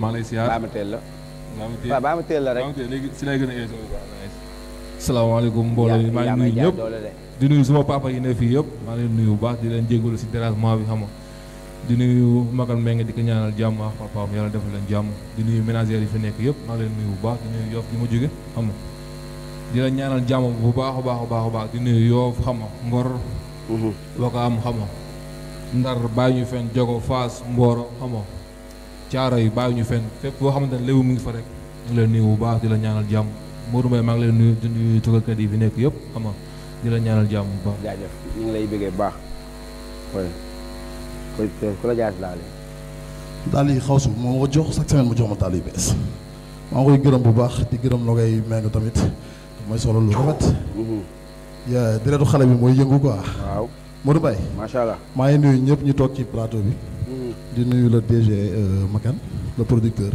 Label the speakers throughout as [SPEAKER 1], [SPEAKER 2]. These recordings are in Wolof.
[SPEAKER 1] Malaysia. lay siyaar baama nuyu di nuyu papa nuyu di si dérangement bi xam di nuyu magal menge di ko ñaanal jàmm ak papaam yàlla defal leen di nuyu ménagère fi nekk yëpp maa nuyu bu di nuyu yoof gi ma jóge xam di ñaanal bu di nuyu ngor ndar bàyyi ñu jogo faas ciara yu bàyyiwuñu fenn fépp boo xamante ne léwu mu ngi fa rek ñu leen nuyu bu baax di la ñaanal jàmm Modou Mbaye maa ngi leen nuyu di nuyu tukkakat yi fi nekk yëpp xam nga di la ñaanal jàmm bu baax. jaajëf ñu ngi lay bëggee baax
[SPEAKER 2] koy koy ku la jaas daal daal yi xaw su moo ma jox mu gërëm bu baax di gërëm tamit mooy solo lu rafet. Mhm. yaa deretu xale bi mooy yëngu quoi. waaw Modou ma macha allah maa ngi nuyu ñëpp ñu ci plateau bi. di nuyu le DG euh, Makan le producteur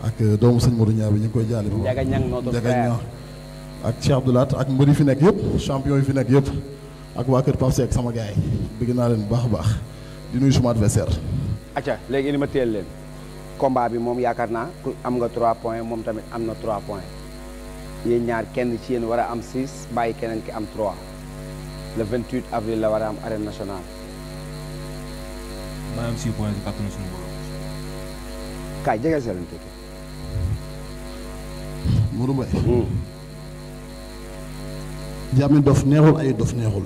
[SPEAKER 2] ak euh, doomu sëñ Modou Niang bi ñu ngi koy jaale moom Ndiaga Niang notre frère ak Cheikh Abdoulaat ak mbër yi fi nekk yëpp champion yi fi nekk yëpp ak waa Kër Pape Seck sama gars yi bëgg naa leen bu baax a baax di nuyu suma adversaire. acca léegi ni ma teel leen combat bi moom yaakaar naa am nga trois points moom tamit am na 3 points yéen ñaar kenn ci yéen war a am 6 bàyyi keneen ki am 3 le 28 avril la war a am arène nationale.
[SPEAKER 1] maa ngi am six points si kàttanu suñu borom.
[SPEAKER 2] kaay jege sa leen tëkk. Mourou Mbaye. jàmmi dof neexul ay dof neexul.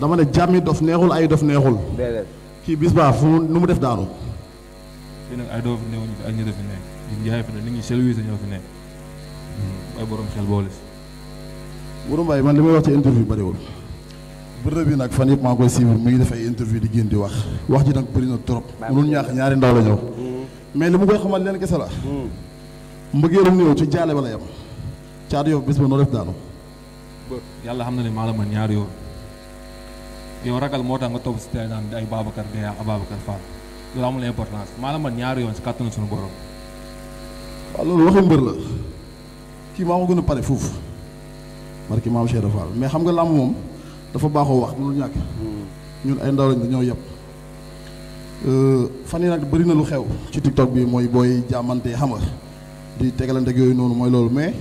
[SPEAKER 2] dama ne jàmmi dof neexul ay dof neexul. kii bis baa fu nu mu def daanu.
[SPEAKER 1] fii nag ay dof neewuñu fi ak ñi def fi nekk ñun jaay nit ñi selwi sa ñoo fi nekk. ay borom xel boole
[SPEAKER 2] si. Mourou Mbaye man li may wax ci interview bariwul. bërëb bi nag fan yëpp maa ngi koy suivre mu ngi def ay interview di génn di wax wax ji nag bëri na trop mënul ñaax ñaari ndaw la mm. mais li mu koy xamal leen kese la ne mm. néew ci jaale ba la yem caatu yow bés ba noo def daanu
[SPEAKER 1] yàlla xam na ne maa la mën ñaari yoon yow ragal moo tax nga topp si tey naan ay Babacar Gueye ak Ababacar Fall loolu amul importance maa la mën ñaari yoon si
[SPEAKER 2] kàttanu suñu borom waaw loolu waxi mbër la kii maa ko gën a pare foofu dafa baaxoo wax mënul ñàkk ñun ay ndaw lañ dañoo yëpp euh, fan yi nag bëri na lu xew ci tiktok bi mooy booy jaamante xam nga di tegalante yooyu noonu mooy loolu mais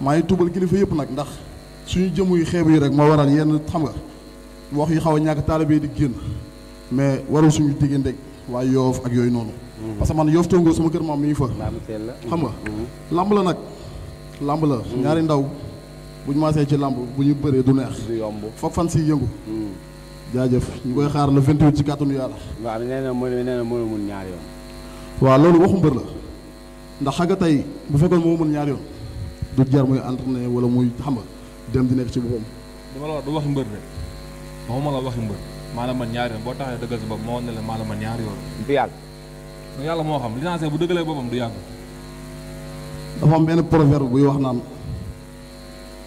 [SPEAKER 2] maa ngi tuubal kilifa yëpp nag ndax suñu jëmm yu xeeb yi rek moo waral yenn xam nga wax yu xaw a ñàkk taalibe di génn mais warul suñu diggante waaye yoof ak yooyu noonu. Mm-hmm. parce que man yoof tongo suma kër maam mi ngi fa. xam nga mm-hmm. lamb la nag lamb la. ñaari ndaw. bu ñu masee ci làmb bu ñu bëree du neex. du yomb foog fan siy yëngu. Hmm. jaajëf ñu koy xaar la le 28 ci kàttanu yàlla. waaw nee na mooy nee na mooy mun ñaari yoon. waaw loolu waxu mbër la ndax xaga tey bu fekkoon moo mun ñaari yoon du jar muy entraîné wala muy xam nga dem di nekk ci boppam.
[SPEAKER 1] dama la wax du waxi mbër de waxuma a waxi mbër maa la mën ñaari yoon boo taxee dëggal sa bopp moo ne la maa la mën ñaari yoon. du yàlla. yàlla moo xam li bu dëggalee boppam du yàgg.
[SPEAKER 2] dafa am benn proverbe buy wax naan.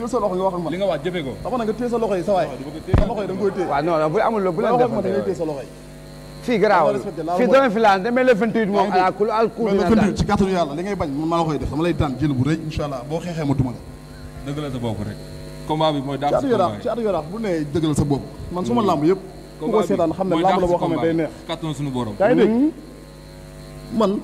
[SPEAKER 2] téye sa loxo nga wax li ko xam nga téye sa loxo yi da nga koy téye ngay téye sa loxo yi fii garaawul fii doomu fi laan demee le la koy def dama lay daan jël bu rëy incha allah boo xeexee ma duma la sa bopp man suma mm. lamb yëpp ku ko seetaan xam ne lamb boo xam ne day neex
[SPEAKER 1] kàttanu
[SPEAKER 2] man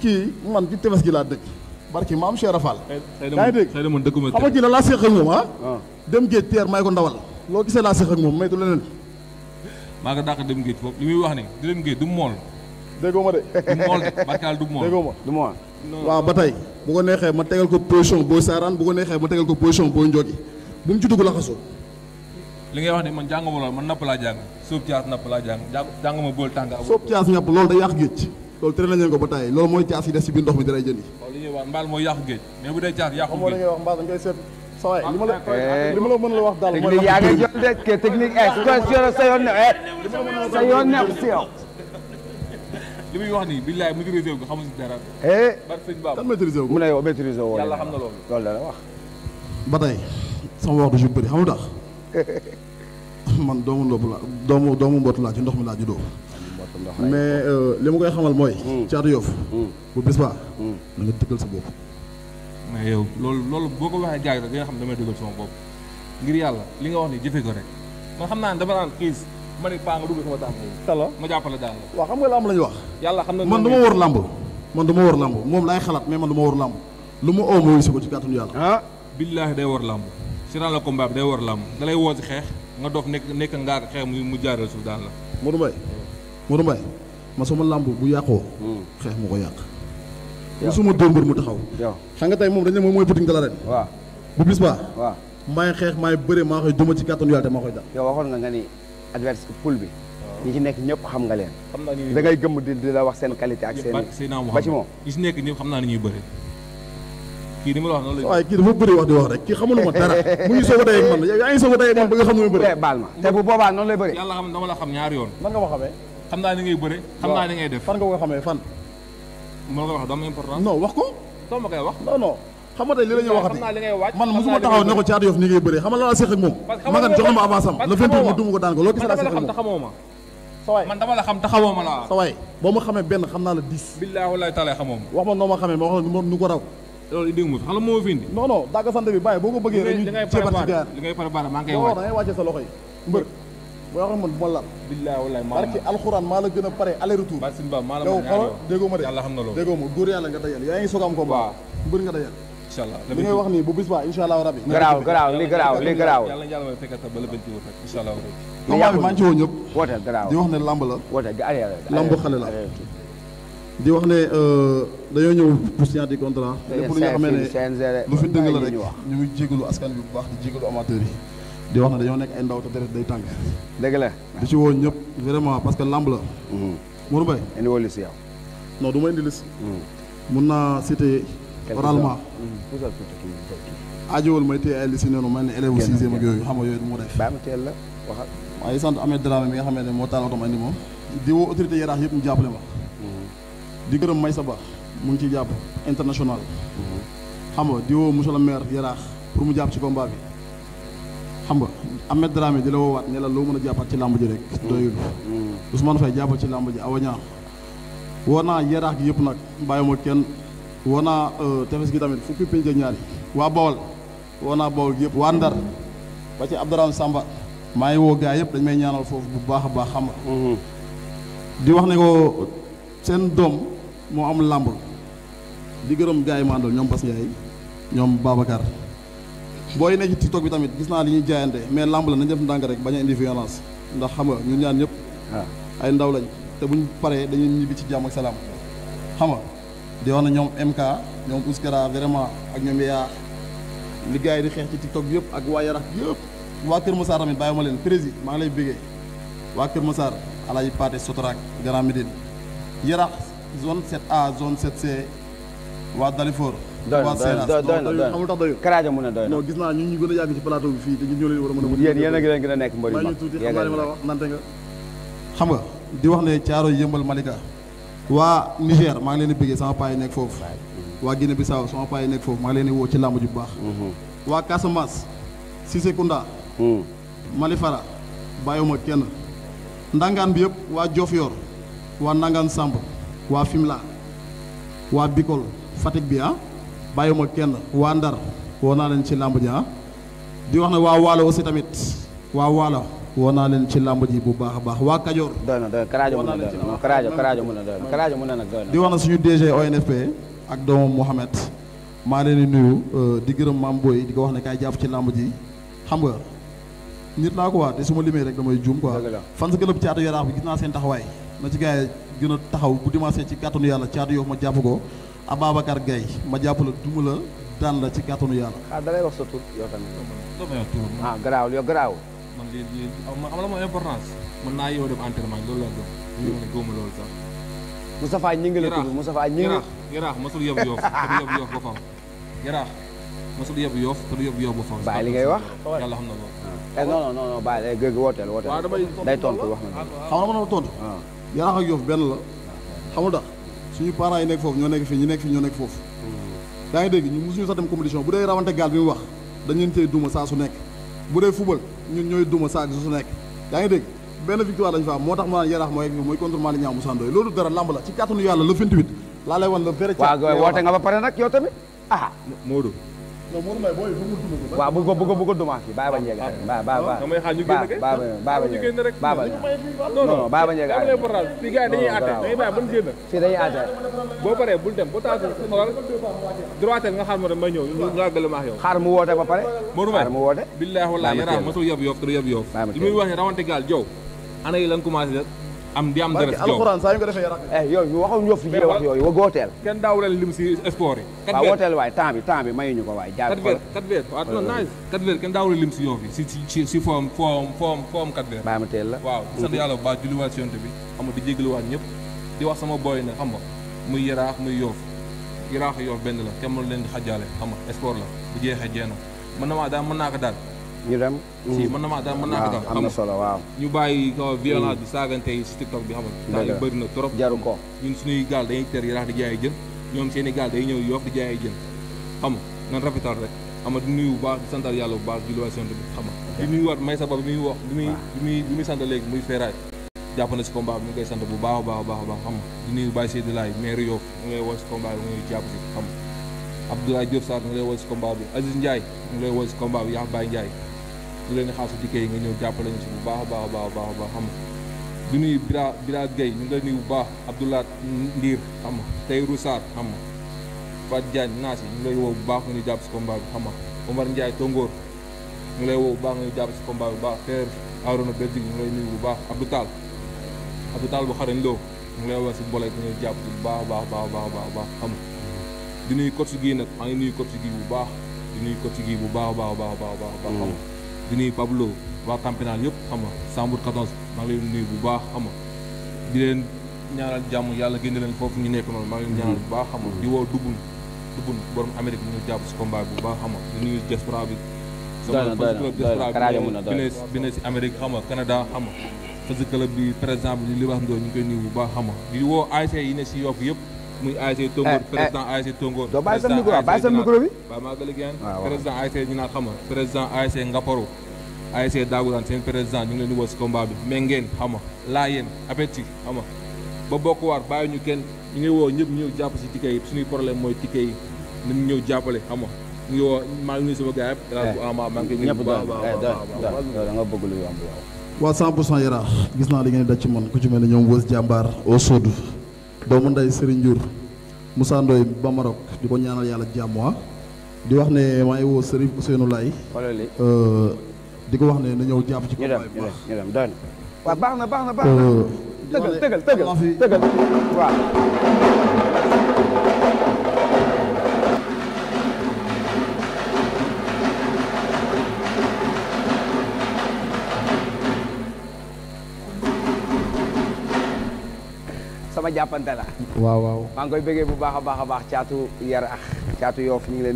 [SPEAKER 2] kii man ci tefes gi laa dëkk barki maam Cheikh Rafal. yaa ngi
[SPEAKER 1] dégg xam nga la laa ah? Ah.
[SPEAKER 2] dem géej teer ko ndawal loo gisee laa seq ak may du leneen.
[SPEAKER 1] maa nga dàq dem géej foofu li muy wax ne di du mool.
[SPEAKER 2] déggoo ma de. du mool barkaal du mool déggoo ma du mool. waaw ba tey bu ko neexee ma tegal ko position booy saaraan bu ko neexee ma tegal ko position booy njogi bu mu ci dugg la xasoo.
[SPEAKER 1] li ngay wax ne man jàngu ma lool man napp laa jàng soob caas napp laa jàng jàngu ma bool tàng.
[SPEAKER 2] soob caas ñapp lool da yàq géej. loolu tere nañ leen ko ba tàyyi loolu mooy caas yi des ci biir ndox mi daray jën yi
[SPEAKER 1] waaw li ñuy wax mbaal mooy yàqu géej mais bu dee caas yàqu géej moo la ñuy
[SPEAKER 2] wax mbaal dañ koy seet saway li ma la eh, eh, li ma la mën la wax daal mooy yaa ngi jot de technique expression eh, sa yoon ne sa yoon ne si yow
[SPEAKER 1] li muy wax nii billaay maîtriser wu ko xamu si dara eh barke sëñ Baba kan
[SPEAKER 2] maîtriser wu ko mu ne yow
[SPEAKER 1] maîtriser woo yàlla xam na loolu loolu dana wax
[SPEAKER 2] ba tey sama wax du ju bëri xamu tax man doomu ndopp laa doomu doomu mbot laa ci ndox mi laa juddoo mais euh, li ma koy xamal mooy. caatu hmm. yoof hmm. bu bis baa. Hmm. na nga dëggal sa bopp.
[SPEAKER 1] mais yow loolu loolu boo ko waxee jaay rek di nga xam damay dëggal sama bopp ngir yàlla li nga wax ni jëfe ko rek man xam naa dama naan xiis ma ne paa nga dugg sama tànk yi. tala ma jàppale daal la.
[SPEAKER 2] xam nga lamb la wax.
[SPEAKER 1] yàlla xam na man dama war lamb
[SPEAKER 2] man dama war lamb mom laay xalaat mais man dama war lamb lu ma oo ma wuyu ci kàttanu ah
[SPEAKER 1] billaahi day war lamb si dans combat day war lamb da lay woo si nga dof mu jaaral suuf la.
[SPEAKER 2] Modou Mbaye ma sama làmb bu yàqoo. Hmm. xeex mu ko yàq. waaw suma dóor mbër mu taxaw. xam nga tey moom moom mooy Poutine Ngalla ren. waaw bu bis baa. waaw maay xeex maay bëre maa koy duma ci kàttanu yàlla ñëpp xam nga leen. xam naa ni da ngay gëmm di di la wax seen qualité ak seen. ba ci moom
[SPEAKER 1] ñi ci nekk ñëpp xam naa bëri wax di wax a dayee man a
[SPEAKER 2] ba nga xam ne muy bëri. Eh, te bu boobaa noonu lay bëri.
[SPEAKER 1] yàlla xam dama la xam ñaar yoon. man nga ma xamee. xam naa ni ngay bëre. xam naa ni
[SPEAKER 2] ngay fan nga ko xamee fan. moo wax dama important. non wax ko. soo ma koy wax non non. li la ñuy waxati man musuma taxaw ne ko Thiatou Yoff ni ngay bëree xam nga la séq moom. ma nga am le vingt ma duma ko daan ko loolu man dama la xam la sawaay boo ma xamee benn xam naa la dix billaahi wallaahi taala xamoo ma wax ma noo ma xamee ma wax la nu ko raw loolu dégg mu xam la moo fi indi non dagga sant bi bàyyi boo ko bëggee rek ñu jébat ci gaar li ngay préparé maa ngi koy waaj da ngay boo xam man bu ma laal. billaay wallaay maa la alxuraan maa la gën a pare aller retour. Ba Sine maa la ma ñaar yow déggoo ma de yàlla xam na loolu déggoo ma góor yàlla nga dajal yaa ngi wax nii bu bis ba incha allah rabi. garaaw garaaw li garaaw li garaaw. yàlla
[SPEAKER 1] yàlla may fekk ba
[SPEAKER 2] la benn jiw rek incha allah. li yàqu maa di wax la. woote arrière lamb xale la. di wax ne euh, ñëw pour signer contrat. lépp lu nga xamee la rek ñu ngi jégalu askan bi bu baax di jégalu amateur di wax ne dañoo nekk ay ndaw te day tàng. dëgg ci vraiment parce que lamb la. Mm-hmm. indi woo non du ma indi mm-hmm. mun naa cité oralement. Mm-hmm. may téye ay noonu élève ak yooyu xam nga yooyu def. baax na la waxal. sant mi nga ne moo taal indi di autorité international. Ahmed Dramé di la Wat ne la loo mën a ci ji rek doyul hmm. Ousmane Faye jàppal ci làmb ji awaña wona naa gi yep nak bayuma ken wona woo euh, tefes gi tamit fukki pinje ñaar wa Bawol wona Bawol gi yep waa Ndar ba ci Abdourahmane Samba may wo gaay yep dañ may ñaanal fofu bu baax ba xam hmm. di wax ne ko sen dom mo am lamb di gërëm gaay mandol ma àndal ñoom Bas booy nekk ci tiktok bi tamit gis naa li ñuy jaayante mais lamb la nañ def ndànk rek bañ a indi violence ndax xam nga ñun ñaan ñëpp ah. ay ndaw lañ te bu ñu paree dañuy ñibbi ci jàmm ak salaam xam nga di wax na ñoom MK ñoom Ouskara vraiment ak ñoom yaa li gars yi di xeex ci tiktok bi yëpp ak waa Yarax yëpp waa Kër Massar tamit bàyyi ma leen prési maa ngi lay bégee waa Kër Massar Alaaji Paate Sotorak Grand Médine Yarax zone 7A zone 7C waa Dalifor doy na doy na mu ne doy na non gis naa ñu ñu gën a yàgg ci plateau bi fii te ñu ñoo di wax ne caaro yëmbal malika waa niger maa ngi leen di bëggee sama paa yi nekk foofu waa guinée bissau sama paa yi nekk foofu maa ngi leen di woo ci làmb ju baax mm-hmm. waa mm. malifara bàyyiwuma kenn ndangaan bi yëpp waa jofiyor waa nangaan samb fimla waa bikol fatick bi ah. bàyyiwuma kenn waa Ndar woo naa leen ci làmb ji ah. di wax na waa Waalo aussi tamit waa Waalo woo naa leen ci làmb ji bu baax a baax waa Kajoor. doy na doy Karaajo mën na doy na Karaajo Karaajo mën na doy nag di wax na suñu DG ONFP ak doomam Mohamed maa leen di nuyu euh, di gërëm maam Boy di ko wax ne kaay jàpp ci làmb ji xam nga nit laa ko waa te su ma limee rek damay juum quoi. dëgg la fan sa gëlëb caatu yaraax bi gis naa seen taxawaay na ci gars yi taxaw bu dimanche ci kàttanu yàlla caatu yoo ma jàpp ko Ababacar Gueye ma jàppale duma la daan la ci kàttanu yàlla. ah da ngay wax sa tur yow tamit. non non non ah garaawul yow garaawul.
[SPEAKER 1] man lii lii am la ma importance. mën naa yow dem entraînement loolu laa gëm. yow ne góobu loolu sax.
[SPEAKER 2] Moustapha ñi ngi la tudd Moustapha ñi ngi. yaraax
[SPEAKER 1] yaraax masul yóbbu yoof te du yóbbu yoof ba fam yaraax masul yóbbu yoof te du yóbbu yoof ba fam. bàyyi li ngay wax
[SPEAKER 2] yàlla xam na loolu. Eh, non non non bàyyi eh, gëgg wooteel wooteel. day tontu wax na. xam nga ma doon tontu. Ah. yaraax ak yoof benn la xamul tax suñu parents yi nekk foofu ñoo nekk fii ñu nekk fii ñoo nekk foofu daa mm. ngi dégg ñu musuñu sax dem compétition bu dee rawante gaal bi mu wax dañ leen tey duma saa su nekk bu dee fubal ñun ñooy duma ngi dégg benn victoire lañu fa am moo tax ma naan yaraax mooy mooy contre Malick Niang Moussa Ndoye loolu dara lamb la ci kàttanu yàlla le 28 laa lay wan le vrai waaw woote nga ba pare nag yow tamit ah Modou waaw bu ko bu ko bu ko duma fii bàyyi ba njëkk a ba ba ba ba
[SPEAKER 1] ba ba ba
[SPEAKER 2] non non bàyyi ba njëkk a arrêté. fii gars yi dañuy àtte dañuy bàyyi ba
[SPEAKER 1] mu génn. fii dañuy àtte. boo paree bul dem ba taatu xoolal droite nga xaar ma dem may ñëw ñu nga gëlëm ak yow. xaar mu woote ba pare. Modou Mbaye xaar mu woote. billaahi wallaahi yaraa masul yab yof tur yab yof. li muy wax ne rawante gaal jow ana yi lan commencé am di am dara si alxuraan
[SPEAKER 2] saa yu ko defee yaram yooyu eh, waxuñ ñoo fi jëlee wax yooyu wa gooteel kenn daawu leen lim si sport yi waaw wooteel waay temps ko waay jaar quatre
[SPEAKER 1] weer waaw kenn daawu lim si yoo fi si si si foom foom foom foom quatre weer bàyyi teel la waaw sant yàlla bu baax julliwaat si yonte bi xam nga ñëpp di wax sama boy ne xam nga muy yaraax muy yoof yaraax yoof benn la kenn mënu leen di xajaale xam nga sport la bu jeexee jeex na mën na maa daal mën naa ko daal ñu dem. si mën na maa daal mën naa ko def am na solo ñu bàyyi ko violence bi saagante yi si TikTok bi xam nga. dëgg la bëri na trop jaru ko. ñun suñuy gaal dañuy ter yaraax di jaay jën ñoom seen i gaal day ñëw yoof di jaay jën xam nga rafetal rek xam nga di nuyu bu baax di santal bu baax di lu waay sant bi xam nga. di may sa bopp bi muy wax bi muy bi muy muy sant léegi muy feeraay. jàpp na si combat bi ñu koy sant bu baax a baax a baax xam nga di nuyu Baye Seydou Laye maire Yoff ñu lay woo si combat bi muy jàpp si xam nga Abdoulaye Diop Sarr ñu lay woo si combat bi Aziz Ndiaye ñu lay woo si combat bi Yax Baye Ndiaye bu leen xaasu dikkee nga ñëw jàppale ñu si bu baax baax a baax a baax xam nga du nuyu Bira ñu ngi lay nuyu bu baax Abdoulaat Ndiir xam nga Tayrou Sarr xam nga Fat Diagne naas yi ñu woo bu baax nga ñu jàpp si combat bi xam nga Omar Ndiaye Tongoor ñu ngi lay woo bu baax nga ñu jàpp si baax Père Arona Belgique ñu bu baax Abdou Tall Abdou Tall bu xarañ loo ñu ngi lay woo si mbole bu ñuy jàpp bu baax baax baax baax baax xam nga di nuyu coach gi nag maa ngi nuyu coach gi bu baax di nuyu coach gi bu baax baax baax baax baax xam nga di nuyu Pablo waa campénal yëpp xam nga Sambour 14 maa ngi leen bu baax xam nga di leen ñaanal jàmm yàlla génne leen foofu ñu nekk noonu maa ngi leen ñaanal bu baax xam nga di woo dubun dubun borom Amérique mu ngi jàpp si combat bu baax xam nga di nuyu diaspora bi bine bi ne si Amérique xam nga Canada xam nga parce que club bi par exemple li li wax ndoo ñu ngi koy nuyu bu baax xam di woo ASC e yi ne si Yoff yëpp muy ASC Tongoor eh, eh. président ASC Tongoor. doo bàyyi sa micro bàyyi sa micro bi. Ah, waaw maa ngi lay gën président ASC ñu naan xam nga président ASC seen président ñu ngi woo si combat bi mais ngeen laa yéen appétit xam ba bokk waar bàyyi ñu kenn ñu ngi woo ñëpp ñëw jàpp si ticket yi suñuy problème mooy ticket yi nañu jàppale xam nga ñu ngi woo maa ngi nuyu sama gars yi. daal bu ama maa ngi koy nuyu waaw eh,
[SPEAKER 2] da nga bëgg lu yomb waaw 100 pour cent Yaraax gis naa li ngeen daj ci man ku ci mel ne ñoom Wës Jàmbaar au Sodou doomu ndey Serigne Ndiour Moussa ba Maroc di ko ñaanal yàlla jàmmuwa ah. di wax ne maa ngi woo Serigne Ousseynou Laye euh, di ko wax ne na ñëw jàpp ci ko baax baax na baax na baax na tëgal tëgal tëgal jàppante la waaw waaw maa ngi koy bëggee bu baax a baax a baax caatu yar ax caatu yoof ñu ngi